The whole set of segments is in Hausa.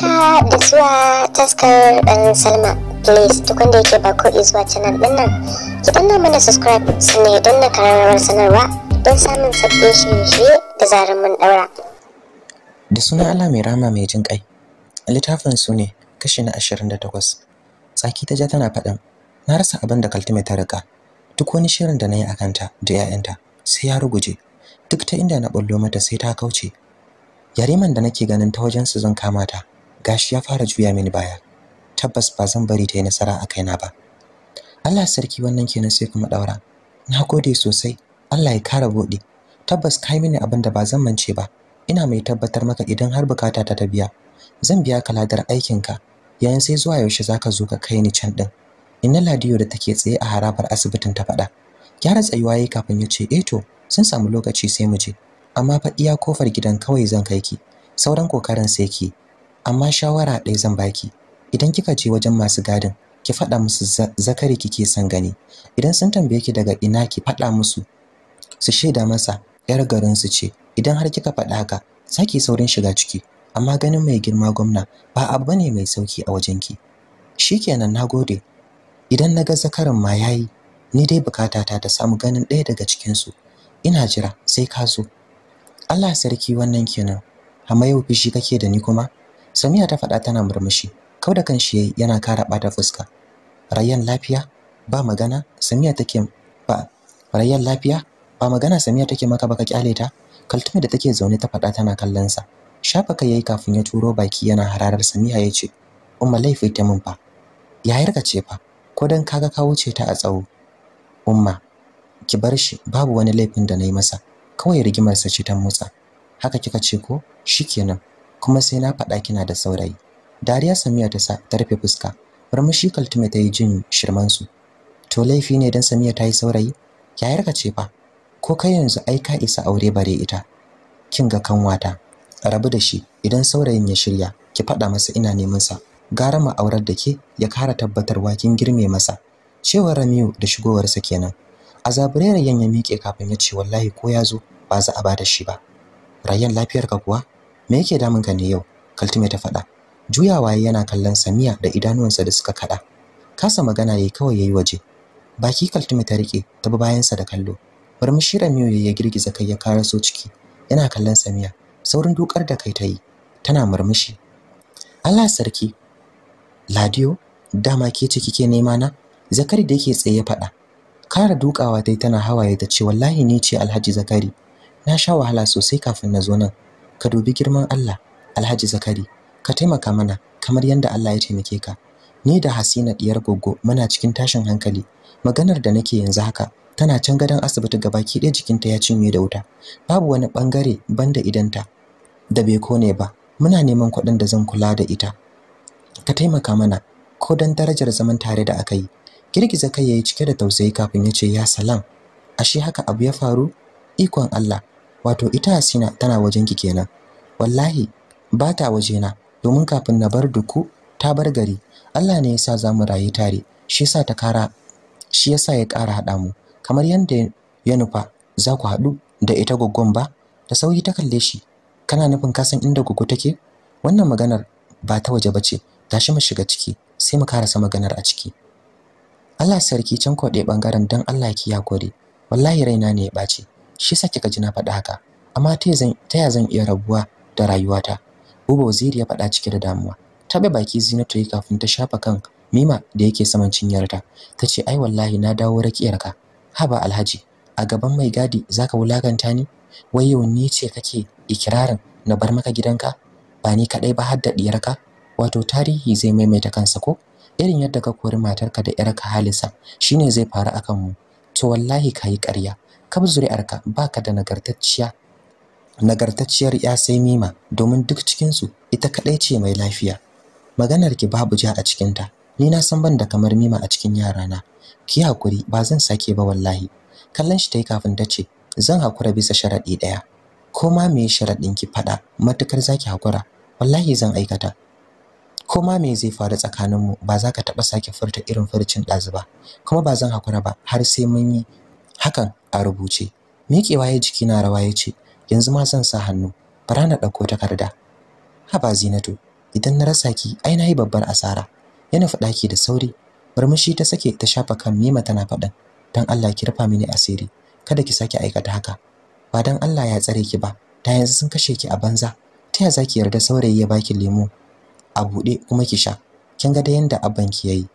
haka da zuwa taskar dan salma please duk wanda yake ba ko zuwa canal din nan ki danna mana subscribe sannan ya danna karamar sanarwa don samun sabbin shirye-shirye da zarar mun daura da suna Allah mai rama mai jin kai littafin su ne kashi na 28 tsaki ta ja tana faɗin na rasa abin da kaltume ta rika duk wani shirin da na yi a kanta da 'ya'yanta sai ya ruguje duk ta inda na bullo mata sai ta kauce yariman da nake ganin ta wajen su zan kama ta gashi ya fara juya mini baya tabbas ba zan bari ta yi nasara a kaina ba Allah sarki wannan kenan sai kuma daura na gode sosai Allah ya kara buɗe. tabbas kai mini abin da ba zan mance ba ina mai tabbatar maka idan har bukata ta ta biya zan biya ka ladar aikin ka yayin sai zuwa yaushe zaka zo ka kai ni can din inna ladiyo da take tsaye a harabar asibitin ta faɗa gyara tsayuwa yayi kafin ya ce eh to sun samu lokaci sai mu je amma fa iya kofar gidan kawai zan kai ki sauran kokarin sai ki amma shawara ɗaya zan baki idan kika je wajen masu gadin ki faɗa musu zakari kike son gani idan sun tambaye ki daga ina ki faɗa musu su shaida masa yar garin su ce idan har kika faɗa haka saki saurin shiga ciki amma ganin mai girma gwamna ba abu bane mai sauki a wajen ki shikenan nagode idan na ga zakarin ma yayi ni dai bukata ta ta samu ganin ɗaya daga cikin su ina jira sai ka zo Allah sarki wannan kenan amma yau fishi kake da ni kuma Samiya ta faɗa tana murmushi. Kau da kanshi yayi yana kara bata fuska. Rayyan lafiya ba magana Samiya take ba Rayyan lafiya ba magana Samiya take maka baka kyale ta. Kaltume da take zaune ta faɗa tana kallon sa. Shafa kai yayi kafin ya turo baki yana hararar Samiya yace ce, "Umma laifi ta mun fa." Yayar ka ce fa, ko dan kaga ka wuce ta a tsawo. Umma, ki bar shi babu wani laifin da na yi masa. Kawai rigimar sa ce ta motsa. Haka kika ce ko? Shikenan. kuma sai na faɗa kina da saurayi dariya samiya ta sa ta rufe fuska murmushi kaltume ta yi jin shirman su to laifi ne dan samiya ta yi saurayi yayar ka ce fa ko kai yanzu ai ka isa aure bare ita kin ga kanwata rabu da shi idan saurayin ya shirya ki faɗa masa ina neman sa gara ma aurar da ke ya kara tabbatarwa kin girme masa cewar Ramiu da shigowarsa kenan a zabure ya miƙe kafin ya ce wallahi ko ya zo ba za a ba da shi ba lafiyar lafiyarka kuwa me yake damun ka ne yau kaltume ta faɗa juyawa yana kallon samiya da idanuwansa da suka kaɗa kasa magana yayi kawai yayi waje baki kaltume ta rike ta bi bayansa da kallo murmushi ramiyo ya girgiza kai ya so ciki yana kallon samiya saurin dukar da kai tayi tana murmushi Allah sarki Ladiyo dama ke ce kike nema na Zakari da yake tsaye ya faɗa kara dukawa dai tana hawaye ta ce wallahi ni ce Alhaji Zakari na sha wahala sosai kafin na zo nan ka dubi girman Allah Alhaji Zakari ka taimaka mana kamar yadda Allah ya taimake ka ni da Hasina diyar goggo muna cikin tashin hankali maganar da nake yanzu haka tana can gadon asibiti gabaki ɗaya jikinta ya cinye da wuta babu wani bangare banda idanta da bai kone ba muna neman kuɗin da zan kula da ita ka taimaka mana ko dan darajar zaman tare da aka yi girgiza kai yayi cike da tausayi kafin ya ce ya salam ashe haka abu ya faru ikon Allah wato ita asina tana wajen ki kenan wallahi ba ta na. domin kafin na bar duku ta bar gari Allah ne yasa zamu rayu tare shi yasa ta kara shi yasa ya kara hada mu kamar yanda ya nufa za ku hadu da ita goggon ba da sauyi ta kalle shi kana nufin ka san inda gogo take wannan maganar ba ta waje bace tashi mu shiga ciki sai mu karasa maganar a ciki Allah sarki can kwaɗe ɓangaren don Allah ki ya kore wallahi raina ne ya ɓaci shi yasa kika ji na faɗa haka amma ta ya zan iya rabuwa da rayuwata uba Waziri ya faɗa cike da damuwa Taɓa baki Zinatu yi kafin ta shafa kan Mima da yake saman cinyarta tace ai wallahi na dawo rakiyarka haba Alhaji a gaban mai gadi zaka wulakanta ni wai yau ni ce kake ikirarin na bar maka gidanka ba ni kadai ba har da diyarka wato tarihi zai maimaita kansa ko irin yadda ka kori matarka da yarka Halisa shine zai faru akan mu to wallahi ka yi ƙarya kab zuri'arka baka da nagartacciya nagartacciyar ya sai mima domin duk cikinsu ita kaɗai ce mai lafiya maganar ki babu ja a cikin ta ni na san ban da kamar mima a cikin yara na ki hakuri ba zan sake ba wallahi kallon shi ta kafin ta ce zan hakura bisa sharaɗi ɗaya ko ma me sharaɗin ki faɗa matukar zaki hakura wallahi zan aikata ko ma me zai faru tsakaninmu ba za ka taɓa sake furta irin furcin ɗazu ba kuma ba zan hakura ba har sai mun yi hakan a rubuce miƙewa ya jiki na rawa ya ce yanzu ma zan sa hannu bara na ɗauko takarda haba zinatu idan na rasa ki ai na yi babbar asara Yana faɗa ɗaki da sauri murmushi ta sake ta shafa kan mima tana faɗin don allah ki rufa mini asiri kada ki sake aikata haka ba don allah ya tsare ki ba ta yanzu sun kashe ki a banza ta ya za yarda saurayi ya baki lemu. a buɗe kuma ki sha kin ga da yanda abban ki yayi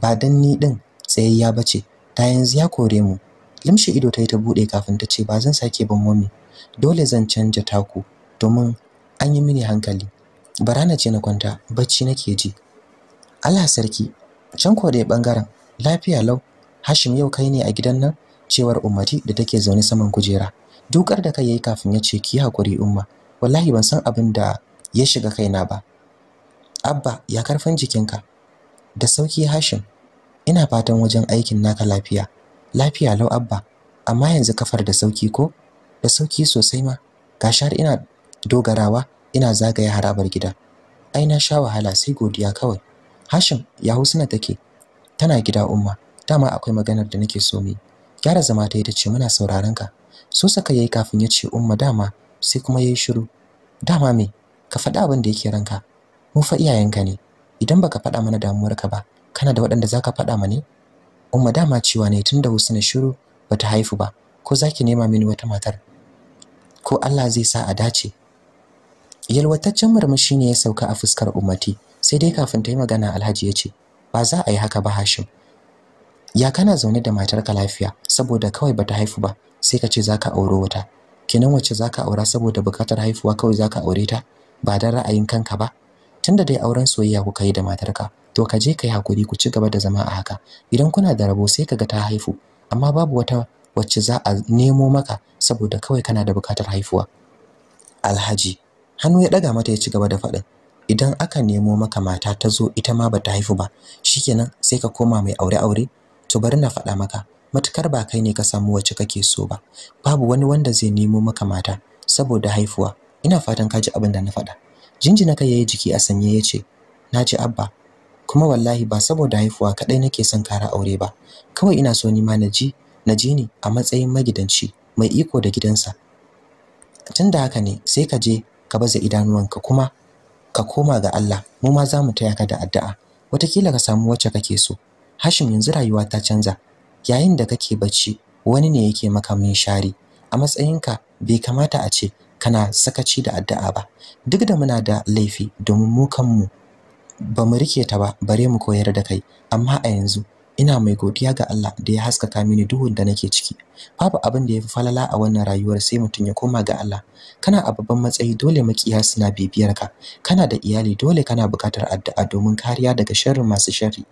ba dan ni din tsayayya bace ta yanzu ya kore mu limshi ido ta yi ta buɗe kafin ta ce ba zan sake ban momi dole zan canja taku domin an yi mini hankali barana ce na kwanta bacci nake ji Allah sarki can ko da bangaren lafiya lau Hashim yau kai ne a gidan nan cewar Ummati da take zaune saman kujera dukar da kai yayi kafin ya ce ki hakuri umma wallahi ban san abin da ya shiga kaina ba Abba ya karfin jikinka. Da sauki Hashim. Ina fatan wajen aikin naka lafiya. Lafiya lau Abba. Amma yanzu kafar da sauki ko? Da sauki sosai ma. Gashar ina dogarawa ina zagaye harabar gida. Ai na sha wahala sai godiya kawai. Hashim ya husna take. Tana gida umma. Dama akwai maganar da nake so mu. Gyara zama ta ita ce muna sauraron ka. So saka yayi kafin ya ce umma dama sai kuma yayi shiru. Dama me? Ka faɗa abin da yake ranka. mu fa iyayenka ne idan baka faɗa mana damuwarka ba kana da waɗanda zaka faɗa mana umma dama cewa ne tun tunda Husna shiru bata haifu ba ko zaki nema mini wata matar ko Allah zai sa a dace yalwataccen murmushi ne ya sauka a fuskar ummati sai dai kafin ta yi magana Alhaji ya ce ba za a yi haka ba Hashim ya kana zaune da matarka lafiya saboda kawai bata haifu ba sai ka ce zaka auro wata Kinan wacce zaka aura saboda bukatar haifuwa kawai zaka aure ta ba dan ra'ayin kanka ba tunda dai auren soyayya kuka yi da matarka to ka je kai hakuri ku ci gaba da zama a haka idan kuna da rabo sai kaga ta haifu amma babu wata wacce za a nemo maka saboda kawai kana da bukatar haifuwa alhaji hannu ya daga mata ya ci gaba da faɗin idan aka nemo maka mata ta zo ita ma bata haifu ba shikenan sai ka koma mai aure aure to bari na faɗa maka matukar ba kai ne ka samu wacce kake so ba babu wani wanda zai nemo maka mata saboda haifuwa ina fatan ka ji abin da na faɗa jinjina kai yayi jiki a sanye ya ce na abba kuma wallahi ba saboda haifuwa kaɗai nake son kara aure ba kawai ina so ni ma naji ji ni a matsayin magidanci mai iko da gidansa tun da haka ne sai ka je ka baza idanuwanka kuma ka koma ga Allah mu ma za mu taya ka da addu'a watakila ka samu wacce kake so Hashim yanzu rayuwa ta canza yayin da kake bacci wani ne yake maka min shari a matsayinka bai kamata a ce kana sakaci da addu'a ba duk da muna da laifi domin mu kanmu ba mu rike ta ba bare mu koyar da kai amma a yanzu ina mai godiya ga Allah da ya haskaka mini duhun da nake ciki babu abin da ya fi falala a wannan rayuwar sai mutum ya koma ga Allah kana a babban matsayi dole makiya na bibiyar ka kana da iyali dole kana buƙatar addu'a domin kariya daga sharrin masu sharri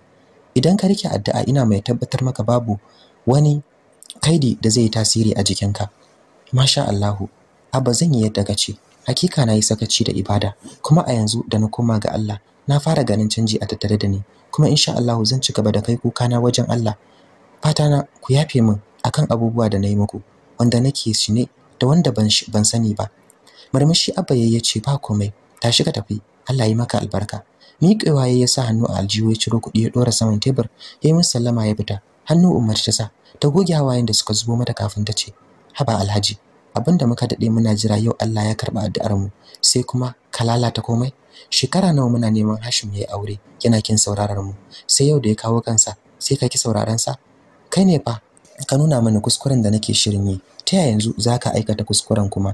idan ka rike addu'a ina mai tabbatar maka babu wani kaidi da zai tasiri a jikinka masha Allahu Abba zan yi yadda kace. Hakika na yi sakaci da ibada, kuma a yanzu da na koma ga Allah, na fara ganin canji a tattare da ni, kuma insha Allah zan ci gaba da kai kuka na wajen Allah. Fata na ku yafe min akan abubuwa da na yi muku, wanda nake shi ne da wanda ban ban sani ba. Murmushi Abba ya ce ba komai, tashi ka tafi, Allah yi maka albarka. waye ya sa hannu a aljihu ya ciro kuɗi ya ɗora saman tebur, ya min sallama ya fita. Hannu Umar ta sa, ta goge hawayen da suka zubo mata kafin ta ce, Haba Alhaji, abinda muka dade muna jira yau Allah ya karba addu'ar mu sai kuma ka lalata komai shekara nawa muna neman Hashim yayi aure yana kin sauraron mu sai yau da ya kawo kansa sai ka ki sauraron sa kai ne fa ka nuna mana kuskuren da nake shirin yi ta yanzu zaka aikata kuskuren kuma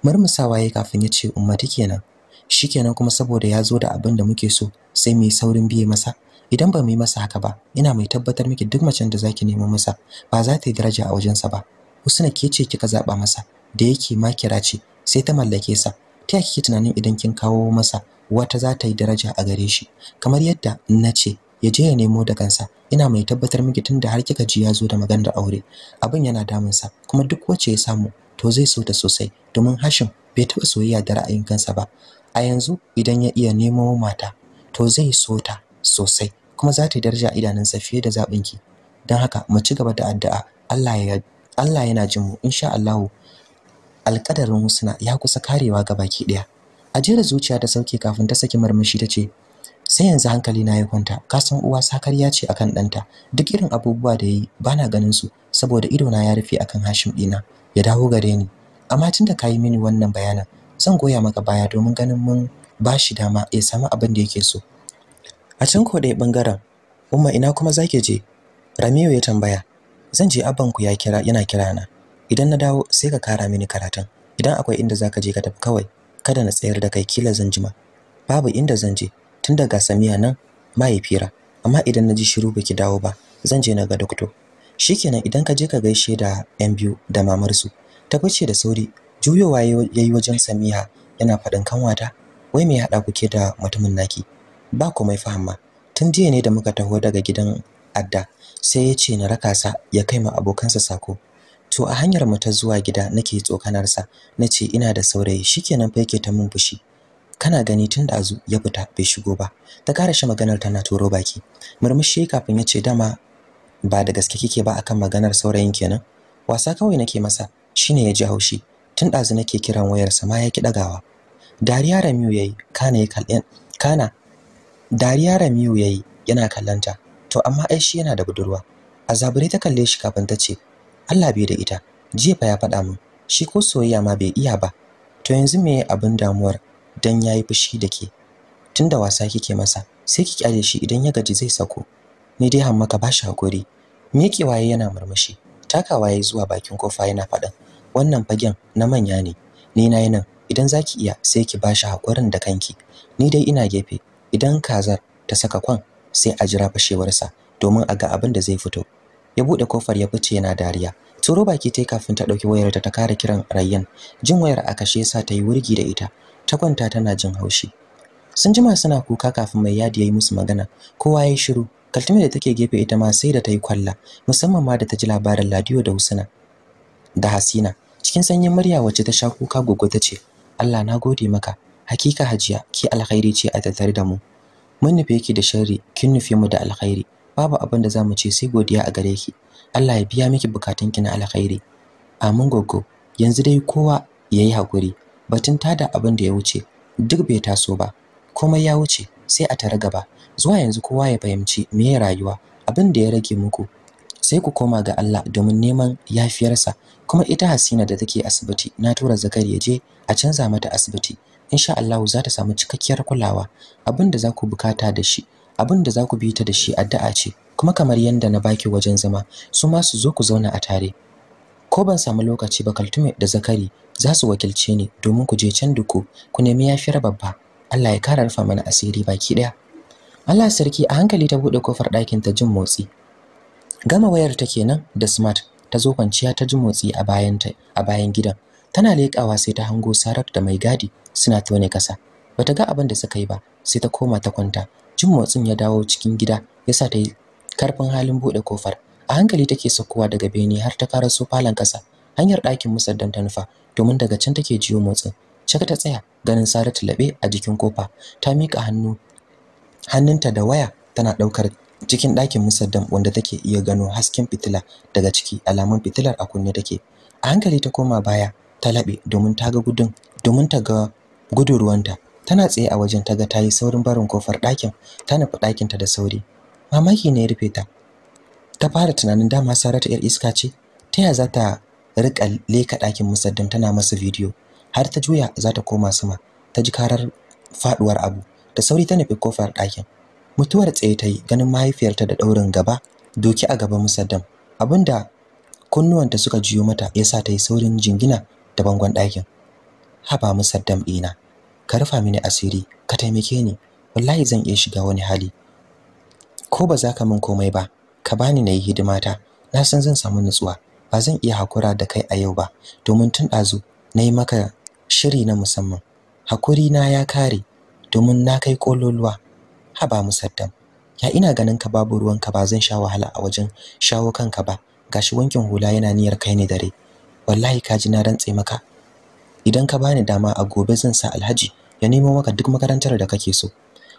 murmusawa yayi kafin ya ce ummati kenan shikenan kuma saboda ya zo da abin da muke so sai mu saurin biye masa idan ba mu yi masa haka ba ina mai tabbatar miki duk macen da zaki nemo masa ba za ta yi daraja a wajensa ba Husna ke ce kika zaba masa da yake makira ce sai ta mallake sa ta yake kike tunanin idan kin kawo masa wata za ta yi daraja a gare shi kamar yadda na ce ya je ya nemo da kansa ina mai tabbatar miki tunda har kika ji ya zo da maganar aure abin yana damun sa kuma duk wacce ya samu to zai so ta sosai domin hashin bai taɓa soyayya da ra'ayin kansa ba a yanzu idan ya iya nemo mata to zai so ta sosai kuma za ta yi daraja idanunsa fiye da zaɓinki don haka mu ci gaba da addu'a Allah ya Allah yana jin mu insha Allah alƙadarin husna ya kusa karewa ga baki ɗaya ajira zuciya ta sauke kafin ta saki marmashi ta ce sai yanzu hankali na ya kwanta ka san uwa sakarya ce akan ɗanta duk irin abubuwa da yi bana ganin su saboda ido na ya rufe akan Hashim ɗina ya dawo gare ni amma tunda kayi mini wannan bayanan zan goya maka baya domin ganin mun ba shi dama ya samu abin da yake so a can ko ɗaya bangaren umma ina kuma zake je ramiyo ya tambaya zan je ku ya kira yana kira na idan na dawo sai ka kara mini karatun idan akwai inda zaka je ka tafi kawai kada na tsayar da kai kila zan jima babu inda zan je tun daga samiya nan fira, amma idan na ji shiru baki dawo ba zan je na ga dokto shikenan idan ka je ka gaishe da yan biyu da mamarsu ta bace da sauri juyowa yayi wajen samiya yana faɗin kanwata wai me ya haɗa kuke da mutumin naki ba komai fahimma tun jiya ne da muka taho daga gidan adda sai ya ce na raka sa ya kai ma abokansa sako to a hanyar mu ta zuwa gida nake tsokanar sa nace ina da saurayi shikenan fa yake ta mun fushi kana gani tun da azu ya fita bai shigo ba ta kara shi maganar tana toro baki murmushi kafin ya ce dama ba da gaske kike ba akan maganar saurayin kenan wasa kawai nake masa shine ya ji haushi tun dazu nake kiran wayar sa ma ya ki dagawa dariya Ramiu yayi kana ya kana dariya ramiyu yayi yana kallanta to amma ai shi yana da budurwa azabure ta kalle shi kafin ta ce Allah bai da ita jiya fa ya faɗa min shi ko soyayya ma bai iya ba to yanzu me abin damuwar dan yayi fushi da ke tunda wasa kike masa sai ki kyale shi idan ya gaji zai sako ni dai hamma ba shi hakuri me yake waye yana murmushi taka waye zuwa bakin kofa yana faɗin wannan fagen na manya ne ni na nan idan zaki iya sai ki ba shi hakurin da kanki ni dai ina gefe idan kazar ta saka kwan sai a jira fashewarsa domin a ga abin da zai fito ya buɗe kofar ya fice yana dariya tsoro baki yi kafin ta ɗauki wayar ta kare kiran Rayyan jin wayar a kashe sa ta yi wurgi da ita ta kwanta tana jin haushi sun jima suna kuka kafin mai yadi yi musu magana kowa yayi shiru kaltume da take gefe ita ma sai da ta yi kwalla musamman ma da ta ji labarin Ladiyo da Husna da Hasina cikin sanyin murya wacce ta sha kuka gogo ta ce Allah na gode maka hakika hajiya ki alkhairi ce a tattare da mu mun nufe ki da sharri kin nufe mu da alkhairi babu abin da za mu ce sai godiya a gare ki Allah ya biya miki bukatun ki na alkhairi amin gogo yanzu dai kowa yayi hakuri batun tada abin da ya wuce duk bai taso ba komai ya wuce sai a tare gaba zuwa yanzu kowa ya fahimci me ya rayuwa abin da ya rage muku sai ku koma ga Allah domin neman yafiyarsa kuma ita Hasina da take asibiti na tura Zakari ya je a canza mata asibiti insha Allah za ta samu cikakkiyar kulawa abin da za ku bukata da shi abin da za ku bi ta da shi addu'a ce kuma kamar yadda na baki wajen zama su ma su zo ku zauna a tare ko ban samu lokaci ba kaltume da zakari za su wakilce ni domin ku je can duku ku nemi yafiyar babba Allah ya kara rufa mana asiri baki daya Allah sarki a hankali ta bude kofar ɗakin ta jin motsi gama wayar ta nan da smart ta zo kwanciya ta ji motsi a bayan ta a bayan gidan tana leƙawa sai ta hango sarar da mai gadi suna tone kasa bata ga abin da suka yi ba sai ta koma ta kwanta jin motsin ya dawo cikin gida yasa ta yi karfin halin buɗe kofar a hankali take saukowa daga bene har ta so falon kasa hanyar ɗakin musaddan ta nufa domin daga can take jiyo motsin shaka ta tsaya ganin saratu laɓe a jikin kofa ta miƙa hannu hannunta da waya tana ɗaukar cikin ɗakin musaddam wanda take iya gano hasken fitila daga ciki alamun fitilar a kunne take a hankali ta koma baya ta laɓe domin ta ga gudun domin ta ga gudun ruwanta tana tsaye a wajen ta ga ta yi saurin barin kofar ɗakin ta nufi ɗakinta da sauri mamaki ne ya rufe ta ta fara tunanin dama sarata yar iska ce ta yaya za ta riƙa leka ɗakin musaddam tana masa bidiyo har ta juya za ta koma sama ta ji karar faɗuwar abu da sauri ta nufi kofar ɗakin mutuwar tsaye ta yi ganin mahaifiyarta da ɗaurin gaba doki a gaban musaddam abinda kunnuwanta suka juyo mata yasa ta yi saurin jingina da bangon ɗakin haba mu saddam ɗina ka rufa mini asiri ka taimake ni wallahi zan iya shiga wani hali ko ba za ka min komai ba ka bani na yi hidimata na san zan samu nutsuwa ba zan iya hakura da kai a yau ba domin tun ɗazu na yi maka shiri na musamman hakuri na ya kare domin na kai kololuwa haba mu saddam. ya ina ganin ka babu ruwanka ba zan sha wahala a wajen shawo kanka ba gashi wankin hula yana niyyar kai ne dare wallahi ka ji na rantse maka idan ka bani dama a gobe zan sa Alhaji ya nemo maka duk makarantar da kake so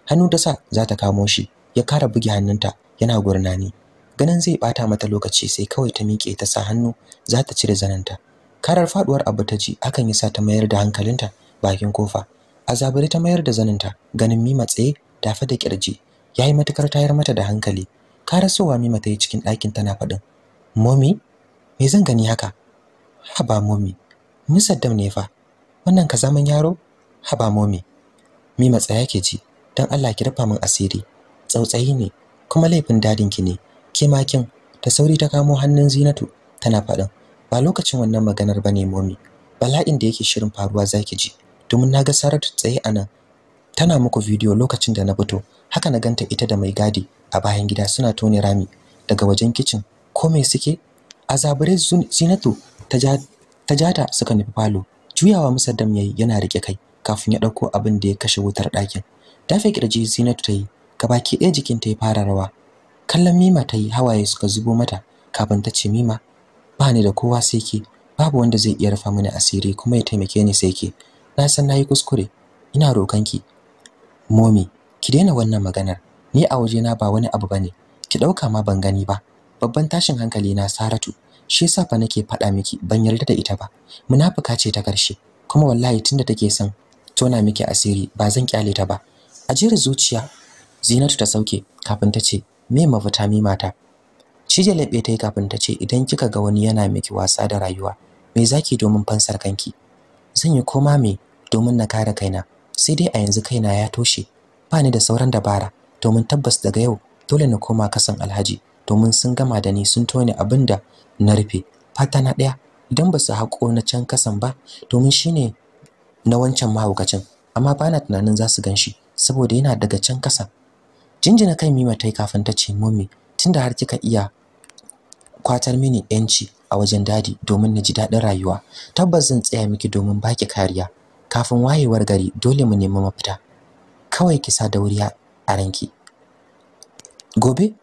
hannu ta sa za ta kamo shi ya kara bugi hannunta yana gurnani ganin zai bata mata lokaci sai kawai ta miƙe ta sa hannu za ta cire zananta karar faduwar abu ta ji akan yi sa ta mayar da hankalinta bakin kofa azabari ta mayar da zaninta ganin mima tsaye tafe da kirji yi matukar tayar mata da hankali karasowa mima ta yi cikin ɗakin tana faɗin momi me zan gani haka haba momi mun saddam ne fa wannan ka zaman yaro haba momi mi matsa ke ji dan Allah ki rufa min asiri tsautsayi ne kuma laifin dadin ki ne ke ma ta sauri ta kamo hannun Zinatu tana faɗin ba lokacin wannan maganar bane momi bala'in da yake shirin faruwa zaki ji domin na ga Saratu tsaye nan. tana muku bidiyo lokacin da na fito haka na ganta ita da mai gadi a bayan gida suna tone rami daga wajen kitchen ko me suke azabure Zinatu ta jata suka nufi falo juyawa musaddam yayi yana rike kai kafin ya dauko abin da ya kashe wutar ɗakin dafe kirji zinatu ta yi gabaki ɗaya jikin ta ya fara rawa kallon mima ta hawaye suka zubo mata kafin ta ce mima ba ni da kowa sai ke babu wanda zai iya rufa mini asiri kuma ya taimake ni sai ke na san nayi kuskure ina ki. momi ki daina wannan maganar ni a waje na ba wani abu bane ki dauka ma ban gani ba babban tashin hankali na Saratu shi yasa fa nake faɗa miki ban yarda da ita ba munafuka ce ta ƙarshe, kuma wallahi tunda take son tona miki asiri ba zan kyale ta ba A jira zuciya Zinatu ta sauke kafin ta ce me mafita mi mata Shi laɓe ta yi kafin ta ce idan kika ga wani yana miki wasa da rayuwa me zaki domin fansar kanki zan yi koma me domin na kare kaina sai dai a yanzu kaina ya toshe ba ni da sauran dabara domin tabbas daga yau dole na koma kasan alhaji domin sun gama da ni sun tone abin da na rufe fata na ɗaya idan ba su hako na can kasan ba domin shine na wancan mahaukacin amma bana tunanin za su gan saboda yana daga can kasa jinjina kai mima tai kafin ta ce mummy tunda har kika iya kwatar mini yanci a wajen dadi domin na ji dadin rayuwa tabbas zan tsaya miki domin baki kariya kafin wayewar gari dole mu nemi mafita kawai ki sa dauriya a ranki gobe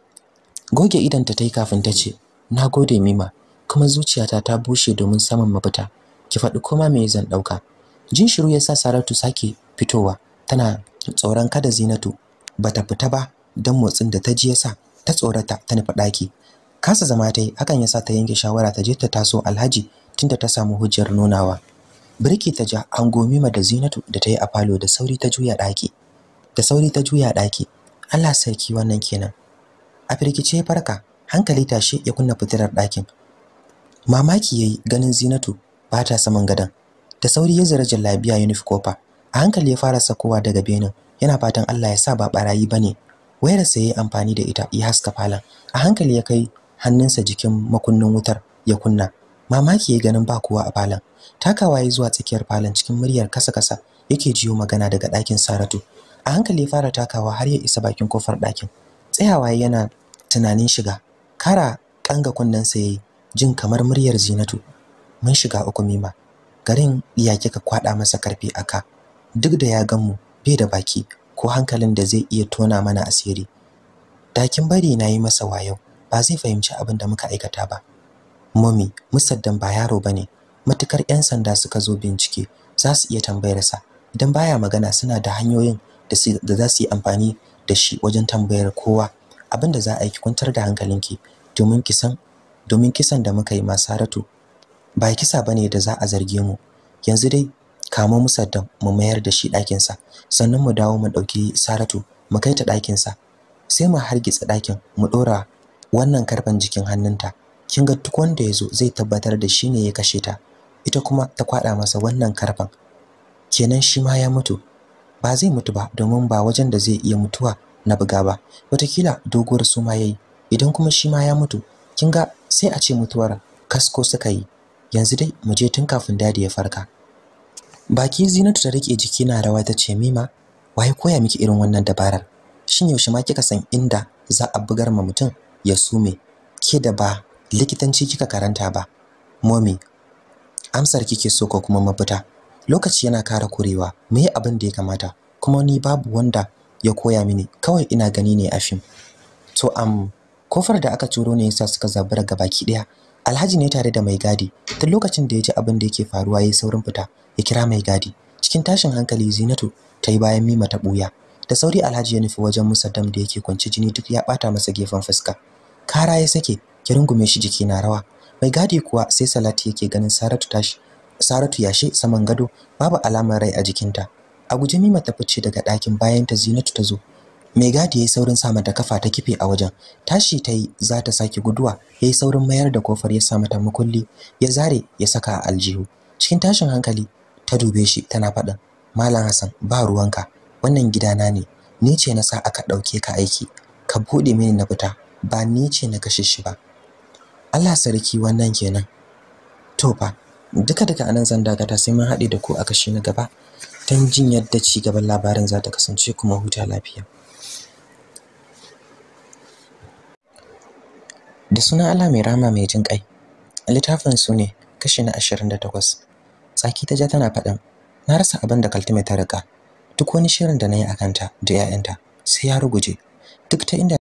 goge ta tai kafin ta ce na gode mima kuma zuciyata ta bushe domin samun mafita ki faɗi koma me zan ɗauka jin shiru ya sa saratu sake fitowa tana tsoron kada zinatu bata fita ba don motsin da ta ji yasa ta tsorata ta nufi ɗaki kasa zama ta yi hakan yasa ta yanke shawara ta je ta taso alhaji tunda ta samu hujjar nunawa birki ta ja an gomi ma da zinatu da ta yi a falo da sauri ta juya ɗaki da sauri ta juya ɗaki allah sarki wannan kenan a firgice farka hankali tashi ya kunna fitilar ɗakin mamaki yayi ganin zinatu ba ta saman gadon da sauri ya zira jallabiya Yunif kofa a hankali ya fara sakowa daga benin yana fatan Allah ya sa ba barayi bane wayar sa yayi amfani da ita ya haska falon a hankali ya kai hannunsa jikin makunnin wutar ya kunna mamaki ya ganin ba kowa a falon takawa ya zuwa tsakiyar falon cikin muryar kasa-kasa yake jiyo magana daga ɗakin Saratu a hankali ya fara takawa har ya isa bakin kofar ɗakin tsayawa yana tunanin shiga kara kanga kunnen yayi jin kamar muryar Zinatu mun shiga uku mima garin ya kika kwada masa karfi aka duk da ya gan mu bai da baki ko hankalin da zai iya tona mana asiri dakin bari na yi masa wayo ba zai fahimci abin da muka aikata ba mummy musaddan ba yaro bane matukar yan sanda suka zo bincike za su iya tambayar sa idan baya magana suna da hanyoyin da za su yi amfani da shi wajen tambayar kowa abin da za a yi ki kwantar da hankalinki domin ki san domin kisan da muka yi ma Saratu ba kisa bane da za a zarge mu yanzu dai kamo musaddam mu mayar da shi ɗakin sa sannan mu dawo mu ɗauki Saratu mu kai ta ɗakin sa sai mu hargitsa ɗakin mu ɗora wannan karban jikin hannunta kin ga duk wanda ya zo zai tabbatar da shi ne ya kashe ta ita kuma ta kwaɗa masa wannan karban kenan shi ma ya mutu ba zai mutu ba domin ba wajen da zai iya mutuwa na buga ba watakila doguwar su ma yayi idan kuma shi ma ya mutu kin ga sai a ce mutuwar kasko suka yi yanzu dai mu je tun kafin dadi ya farka baki zinatu ta rike jiki na rawa ta ce mima waye koya miki irin wannan dabarar shin yaushe ma kika san inda za a bugar ma mutum ya sume ke da ba likitanci kika karanta ba momi amsar kike so ko kuma mafita lokaci yana kara kurewa me abin da ya kamata kuma ni babu wanda ya koya mini kawai ina gani ne a fim to am kofar da aka turo ne yasa suka zabura ga baki daya alhaji ne tare da mai gadi tun lokacin da ya ji abin da yake faruwa ya saurin fita ya kira mai gadi cikin tashin hankali zinatu ta yi bayan mima ta buya da sauri alhaji ya nufi wajen musaddam da yake kwance jini duk ya bata masa gefen fuska kara ya sake ya rungume shi jiki na rawa mai gadi kuwa sai salati yake ganin saratu tashi saratu yashe saman gado babu alamar rai a jikinta a guje mima ta fice daga ɗakin bayan ta zinatu ta zo mai gadi yayi saurin sa mata kafa ta kife a wajen tashi ta yi za ta sake guduwa yayi saurin mayar da kofar ya sa mata makulli ya zare ya saka a aljihu cikin tashin hankali ta dube shi tana faɗin malam hassan ba ruwanka wannan gidana ne ni ce na sa aka ɗauke ka aiki ka buɗe mini na fita ba ni ce na kashe shi ba Allah sarki wannan kenan to fa duka duka anan zan dakata sai mun haɗe da ku a kashi na gaba don jin yadda ci gaban labarin za ta kasance kuma huta lafiya. Da suna Allah mai rama mai jin ƙai, littafin su ne kashi na 28. Tsaki ta ja tana faɗin, na rasa abin da kaltume ta riƙa. duk wani shirin da na yi a kanta da 'ya'yanta sai ya ruguje, duk ta inda